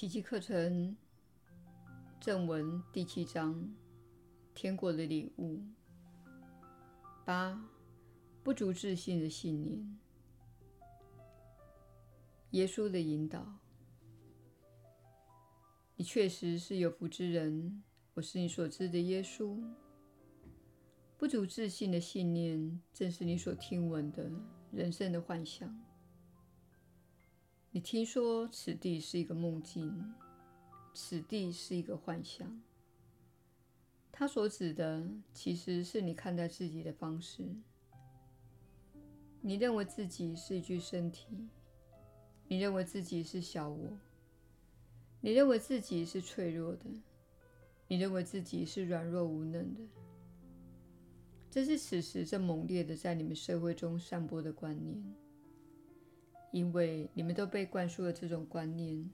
奇蹟課程正文第七章：天國的禮物。八、不足置信的信念。耶穌的引導，你確實是有福之人。我是你所知的耶穌。不足置信的信念，正是你所聽聞的人生的幻相。你聽說此地是一個夢境，此地是一個幻相。它所指的，其實是你看待自己的方式。你認為自己是一具身體，你認為自己是小我，你認為自己是脆弱的，你認為自己是軟弱無能的。這是此時正猛烈地在你們社會中散播的觀念。因為你們都被灌輸了這種觀念，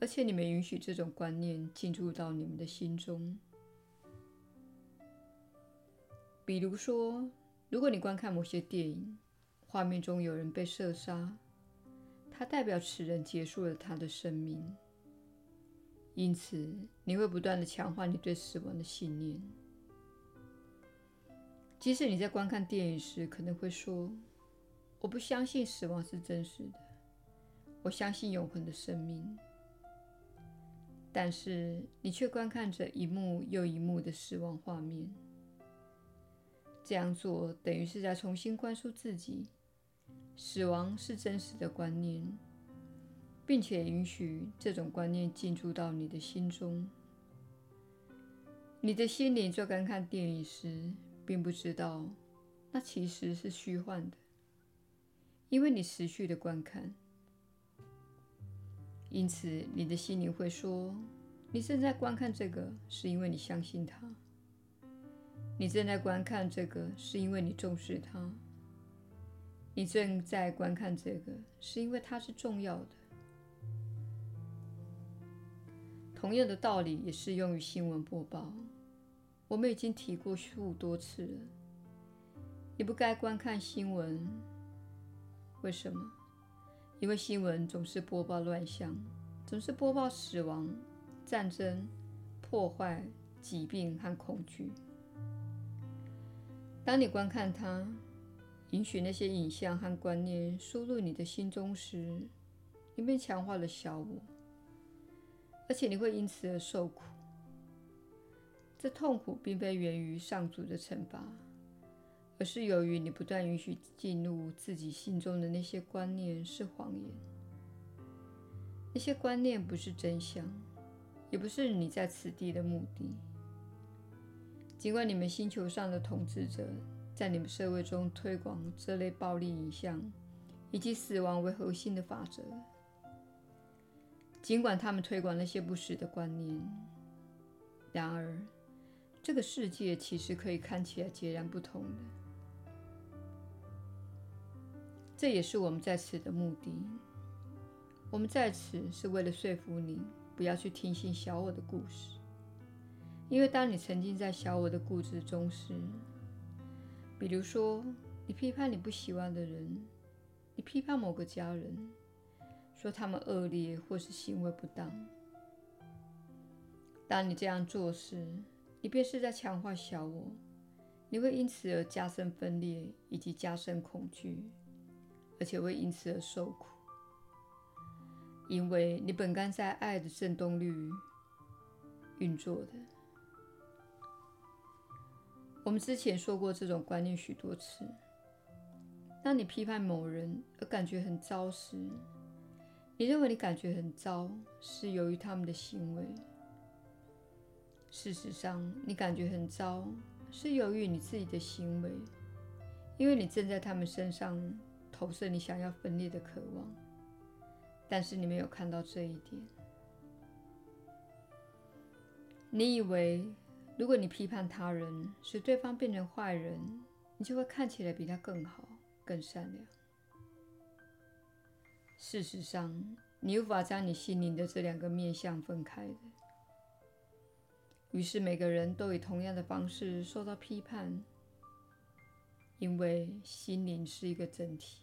而且你們允許這種觀念進入到你們的心中。比如說，如果你觀看某些電影，畫面中有人被射殺，它代表此人結束了他的生命。因此，你會不斷地強化你對死亡的信念。即使你在觀看電影時，可能會說，我不相信死亡是真實的，我相信永恆的生命。但是你卻觀看着一幕又一幕的死亡畫面，這樣做等於是在重新灌輸自己死亡是真實的觀念，並且允許這種觀念進駐到你的心中。你的心靈在觀看電影時，並不知道那其實是虛幻的。因為你持續的觀看，因此你的心靈會說：你正在觀看這個，是因為你相信它；你正在觀看這個，是因為你重視它；你正在觀看這個，是因為它是重要的。同樣的道理也適用於新聞播報。我們已經提過數多次了，你不該觀看新聞。為什麼？因為新聞總是播報亂象，總是播報死亡、戰爭、破壞、疾病和恐懼。當你觀看它，允許那些影像和觀念輸入你的心中時，你便強化了小我，而且你會因此而受苦。這痛苦並非源於上主的懲罰。可是，由於你不斷允許進入自己心中的那些觀念是謊言，那些觀念不是真相，也不是你在此地的目的。儘管你們星球上的統治者在你們社會中推廣這類暴力影像以及死亡為核心的法則，儘管他們推廣那些不實的觀念，然而，這個世界其實可以看起來截然不同的。這也是我們在此的目的。我們在此是為了說服你，不要去聽信小我的故事，因為當你沉浸在小我的故事中時，比如說你批判你不喜歡的人，你批判某個家人，說他們惡劣或是行為不當。當你這樣做時，你便是在強化小我，你會因此而加深分裂以及加深恐懼。而且會因此而受苦，因為你本該在愛的振動率運作的。我們之前說過這種觀念許多次。當你批判某人而感覺很糟時，你認為你感覺很糟是由於他們的行為。事實上，你感覺很糟是由於你自己的行為，因為你正在他們身上。投射你想要分裂的渴望，但是你沒有看到這一點。你以為，如果你批判他人，使對方變成壞人，你就會看起來比他更好、更善良。事實上，你無法將你心靈的這兩個面向分開的。於是，每個人都以同樣的方式受到批判，因為心靈是一個整體。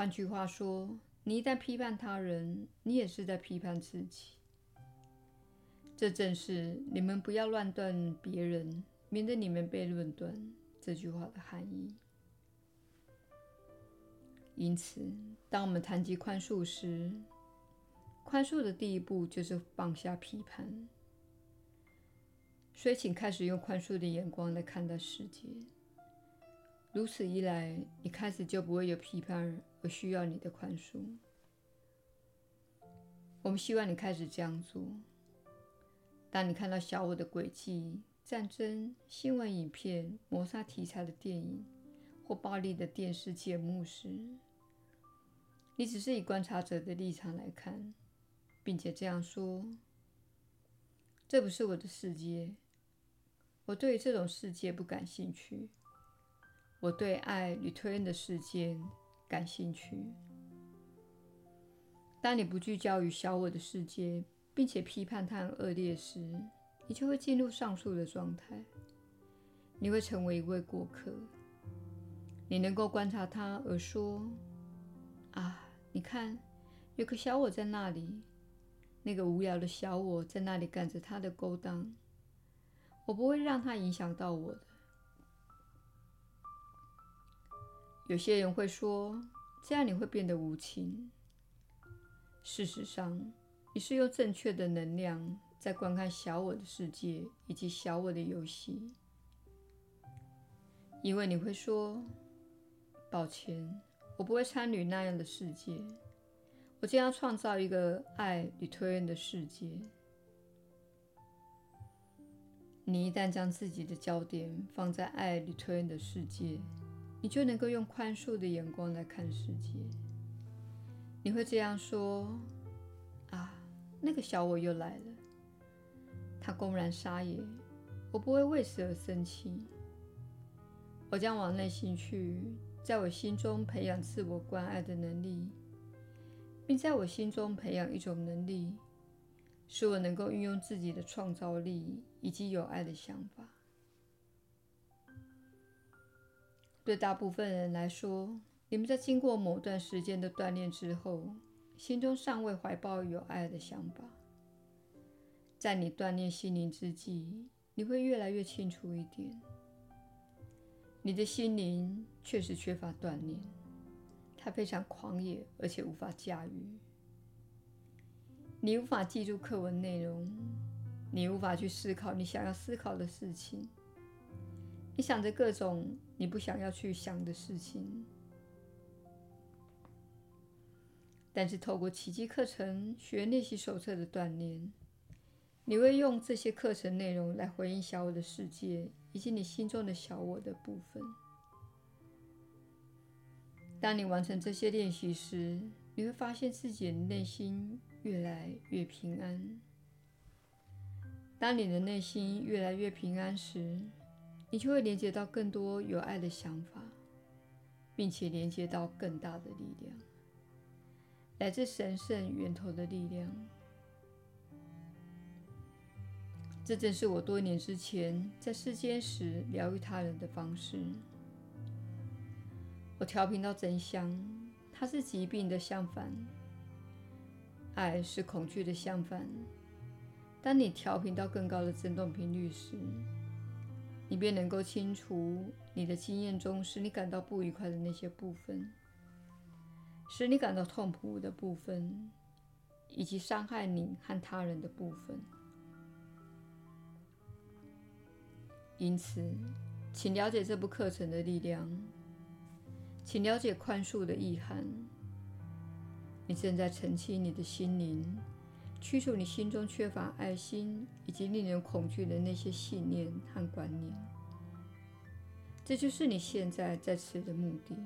換句話說，你一旦批判他人，你也是在批判自己。這正是你們不要論斷別人，免得你們被論斷這句話的含義。因此，當我們談及寬恕時，寬恕的第一步就是放下批判。所以，請開始用寬恕的眼光來看待世界。如此一來，你開始就不會有批判，而需要你的寬恕。我們希望你開始這樣做。當你看到小我的詭計、戰爭、新聞影片、謀殺題材的電影或暴力的電視節目時，你只是以觀察者的立場來看，並且這樣說：“這不是我的世界，我對於這種世界不感興趣。”我對愛與推恩的世界感興趣。當你不聚焦於小我的世界，並且批判它很惡劣時，你就會進入上述的狀態。你會成為一位過客。你能夠觀察他而說：“啊，你看，有個小我在那裡，那個無聊的小我在那裡幹着他的勾當。我不會讓他影響到我的。”有些人會說，這樣你會變得無情。事實上，你是用正確的能量在觀看小我的世界以及小我的遊戲，因為你會說：“抱歉，我不會參與那樣的世界。我將要創造一個愛與推恩的世界。”你一旦將自己的焦點放在愛與推恩的世界，你就能夠用寬恕的眼光來看世界。你會這樣說：“啊，那個小我又來了，他公然撒野，我不會為此而生氣。我將往內心去，在我心中培養自我關愛的能力，並在我心中培養一種能力，使我能夠運用自己的創造力以及有愛的想法。”對大部分人來說，你們在經過某段時間的鍛鍊之後，心中尚未懷抱有愛的想法。在你鍛鍊心靈之際，你會越來越清楚一點：你的心靈確實缺乏鍛鍊，它非常狂野，而且無法駕馭。你無法記住課文內容，你無法去思考你想要思考的事情，你想着各種。你不想要去想的事情，但是透過奇蹟課程學練習手冊的鍛鍊，你會用這些課程內容來回應小我的世界以及你心中的小我的部分。當你完成這些練習時，你會發現自己的內心越來越平安。當你的內心越來越平安時，你就會連接到更多有愛的想法，並且連接到更大的力量，來自神聖源頭的力量。這正是我多年之前在世間時療癒他人的方式。我調頻到真相，它是疾病的相反，愛是恐懼的相反。當你調頻到更高的振動頻率時，你便能夠清除你的經驗中使你感到不愉快的那些部分，使你感到痛苦的部分，以及傷害你和他人的部分。因此，請了解這部課程的力量，請了解寬恕的意涵。你正在澄清你的心靈。驅除你心中缺乏愛心以及令人恐懼的那些信念和觀念，這就是你現在在此的目的。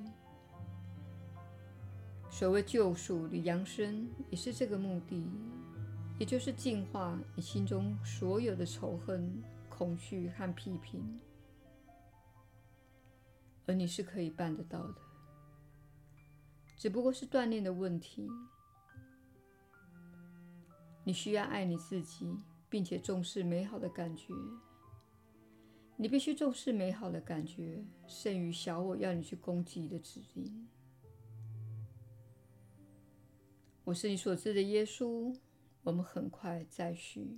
所謂救贖與揚升也是這個目的，也就是淨化你心中所有的仇恨、恐懼和批評。而你是可以辦得到的，只不過是鍛鍊的問題。你需要愛你自己，並且重視美好的感覺。你必須重視美好的感覺，甚於小我要你去攻擊的指令。我是你所知的耶穌。我們很快再續。